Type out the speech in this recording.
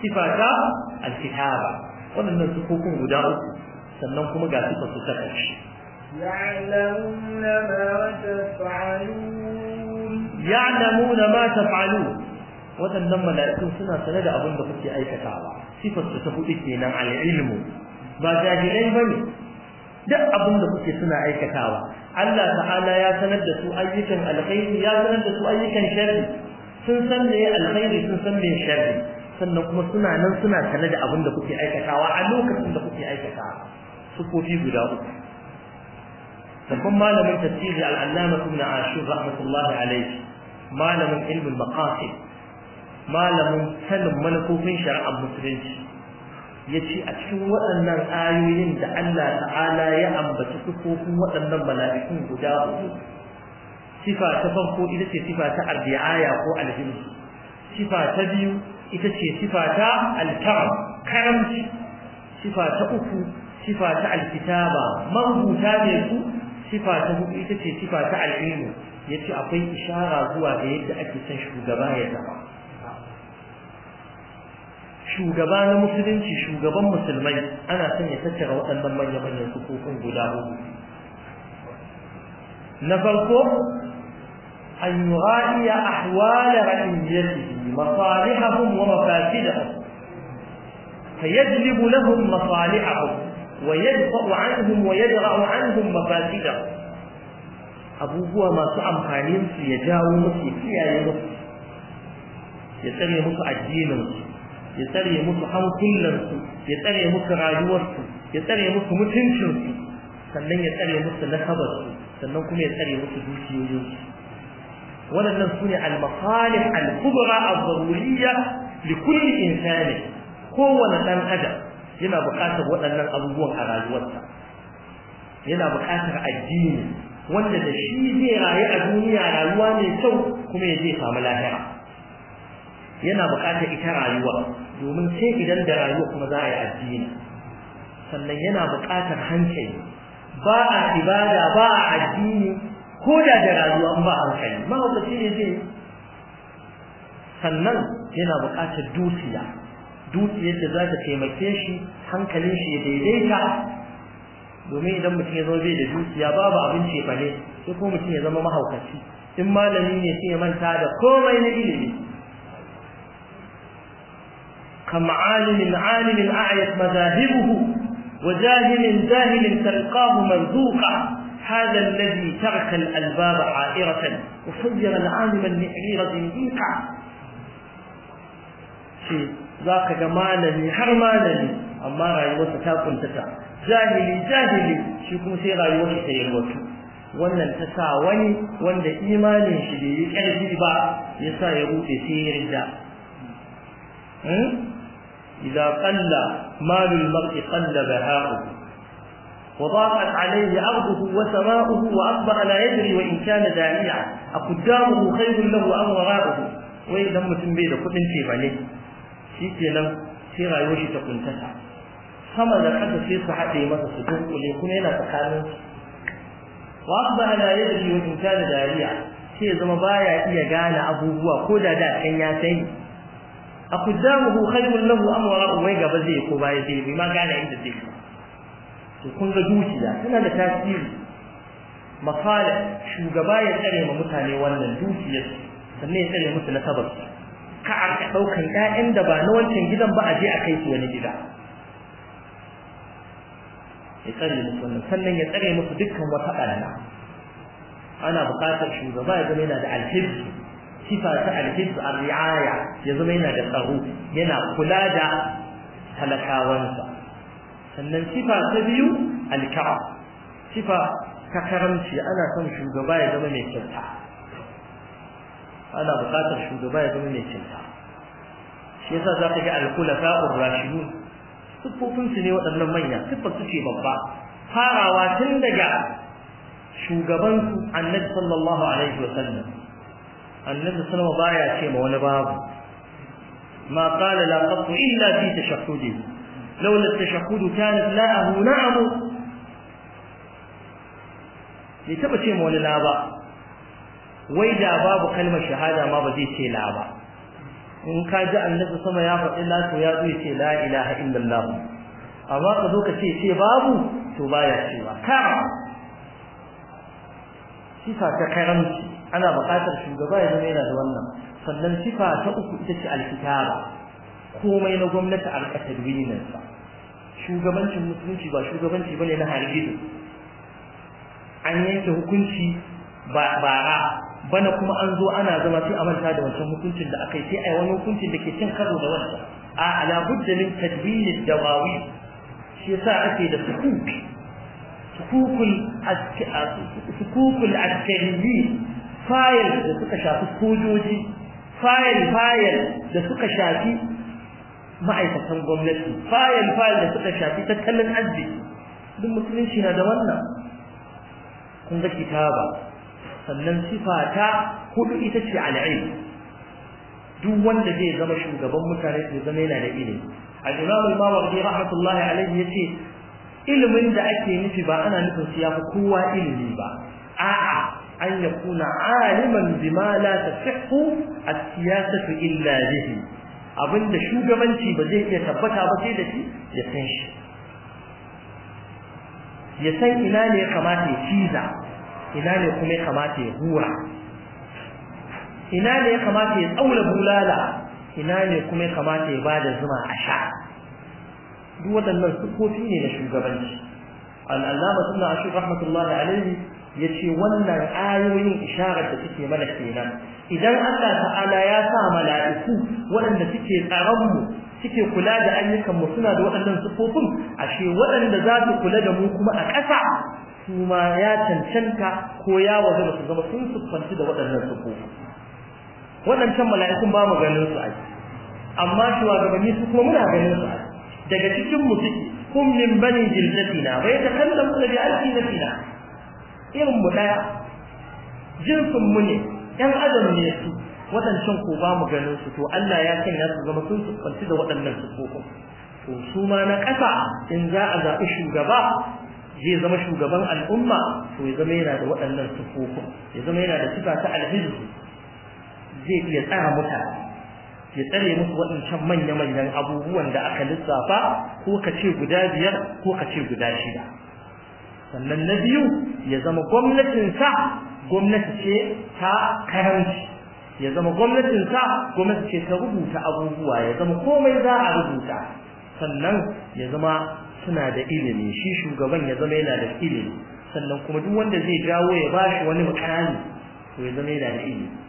sifata alkitaba waɗannan sifofin guda uku sannan kuma ga sifar su ta ƙarshe ya'lamuna ma taf'alun waɗannan mala'ikun suna sane da abin da kuke aikatawa sifar su ta hudu kenan al'ilmu ba jahilai bane duk abin da kuke suna aikatawa Allah ta'ala ya sanar da su ayyukan alkhairi ya sanar da su ayyukan sharri sun san me alkhairi sun san me sharri sannan kuma suna nan suna sane da abin da kuke aikatawa a lokacin da kuke aikatawa kofi guda uku babban malamin tafsiri al-allama ibn ashur rahmatullahi alayhi malamin ilmin maqasid malamin sanin manufofin shari'ar musulunci yace a cikin waɗannan ayoyin da Allah ta'ala ya ambaci sufofin waɗannan mala'ikun guda uku sifa ta farko ita ce sifa ta arbi'aya ko alhimmi sifa ta biyu ita ce sifa ta alkaram karamci sifa ta uku sifa ta alkitaba marubuta ne su sifa ta hudu ita ce sifa ta Ya ce akwai ishara zuwa da yadda ake son shugaba ya zama shugaba na musulunci shugaban musulmai ana son ya tattara waɗannan manya-manyan sufofin guda hudu na farko an yura'iya ahwala ra'iyyati مصالحهم ومفاسدهم فيجلب لهم مصالحهم ويدفع عنهم ويدرع عنهم مفاسدهم abubuwa masu amfanin su ya jawo musu ya kiyaye musu ya tsare musu addinin su ya tsare musu hankulan su ya tsare musu rayuwar su ya tsare musu mutuncin su sannan ya tsare musu nasabar su sannan kuma ya tsare musu dukiyoyin su waɗannan su ne al-masalih al-kubra az-zaruriyya li kulli insani kowane dan adam yana buƙatar waɗannan abubuwan a rayuwarsa yana buƙatar addini wanda da shi zai rayu a duniya rayuwa ne kyau kuma ya je samu lahira yana buƙatar ita rayuwa domin sai idan da rayuwa kuma za a yi addini sannan yana buƙatar hankali ba a ibada ba a addini ko da da rayuwa ba hankali mahaukaci ne zai sannan yana buƙatar dukiya dukiyar da za ta taimake shi hankalin shi ya daidaita domin idan mutum ya zama bai da dukiya babu abin ne, sai ko mutum ya zama mahaukaci in malami ne sai ya manta da komai na ilimi كمعالم عالم أعيت مذاهبه وجاهل جاهل تلقاه منذوقا هذا الذي ترك الألباب عائرة وفجر العالم النعيرة زنديقا في ذاك جمالني حرمانني أما رأي وسط تاكم تسع جاهلي جاهلي شكم سي رأي وسط يلوك وانا التسع وني وانا إيماني شدي يتعرف إبا يسا يروت سير الجا إذا قل مال المرء قل بهاؤه وضاقت عليه أرضه وسماؤه وأصبح لا يدري وإن كان داعيا أقدامه خير له أم وراءه وإذا متن بيده كتن في بني shi kenan sai rayuwar ta kuntata sama da kasa sai su haɗe masa su dunkule kuma yana tsakanin wa asbaha la yadri wa in kana dariya sai ya zama baya iya gane abubuwa ko da da kan ya sani aqdamuhu khayrun lahu wai gaba zai ko baya zai bi ma gane to kun ga dukiya suna da tasiri makala shugaba ya tsare ma mutane wannan dukiyar sannan ya tsare musu na sabar ka a ɗaukan ƴaƴan da ba na wancan gidan ba a je a kai su wani gida ya tsare musu wannan sannan ya tsare musu dukkan wata ɓarna ana buƙatar shugaba ya zama yana da alhibsu sifa ta alhibsu a ri'aya ya zama yana da tsaro yana kula da talakawansa sannan sifa ta biyu alka'a sifa ta karamci ana son shugaba ya zama mai kyauta ana buƙatar shugaba ya zama mai kyauta shi yasa za ka ga alkulafa'ur rashidun siffofinsu ne waɗannan manya siffar su ce babba farawa tun daga shugabansu annabi sallallahu alaihi wasallam annabi sallama baya ce ma wani babu ma qala la qatu illa fi tashahhudi لولا التشهد كانت لاءه نعم bai taba ce ma wani la ba wai da babu kalmar shahada ma ba zai ce la ba in ka ji annabi sama ya faɗi la to ya zai ce la ilaha illallah amma ka zo ka ce ce babu to baya cewa kara sifa ta karamci ana buƙatar shugaba ya yana da wannan Kallon sifa ta uku ita ce alkitaba komai na gwamnati a rika tadwinin sa shugabancin mutunci ba shugabanci bane na hargido an yanke hukunci ba bara bana kuma an zo ana zama sai a manta da wancan hukuncin da aka yi sai ai wani hukuncin da ke cin karo da wannan a ala budda min tadwinin dawawi shi yasa ake da sukuki sukukul askari fayil da suka shafi sojoji fayil fayil da suka shafi ma'aikatan gwamnati fayil fayil da suka shafi tattalin arziki duk musulunci na da wannan kun ga kitaba sannan sifa ta hudu ita ce al'ilm duk wanda zai zama shugaban mutane zai zama yana da ilimi a imam al-mawardi rahmatullahi alayhi yace ilimin da ake nufi ba ana nufin siyafa, fi kowa ilimi ba a'a an yakuna aliman bima la tasihhu as-siyasatu illa bihi abinda shugabanci ba zai iya tabbata ba sai da shi ya san shi ya san ina ne ya kamata ya ciza ina ne kuma ya kamata ya hura ina ne ya kamata ya tsaula bulala ina ne kuma ya kamata ya bada zuma a sha duk waɗannan sukofi ne na shugabanci al'allama suna a shi rahmatullahi alaihi ya ce wannan ayoyin isharar da suke mana kenan idan Allah ta'ala ya sa mala'iku waɗanda suke tsaron mu suke kula da ayyukan mu suna da waɗannan sufofin ashe waɗanda za su kula da mu kuma a ƙasa kuma ya cancanta ko ya waje su zama sun siffanci da waɗannan sufofin waɗancan mala'ikun ba mu ganin su ai amma shugabanni su kuma muna ganin su ai daga cikin mu suke kun min bani jildatina bai ta kallon mu na irin mu daya jinsin mu ne ɗan adam ne su waɗancan ko ba mu ganin su to Allah ya sanya su zama sun fuskanci da waɗannan siffofin to su ma na ƙasa in za a zaɓi shugaba zai zama shugaban al'umma to ya zama yana da waɗannan siffofin ya zama yana da sifa ta alhizu zai iya tsara mutane ya tsare musu waɗancan manya-manyan abubuwan da aka lissafa ko ka ce guda biyar ko ka ce guda shida sannan na biyu ya zama gwamnatinsa gwamnati ce ta karanci ya zama gwamnatin sa, gwamnati ce ta rubuta abubuwa ya zama komai za a rubuta sannan ya zama suna da ilimi shi shugaban ya zama yana da ilimi sannan kuma duk wanda zai jawo ya bashi wani mukami to ya zama yana da ilimi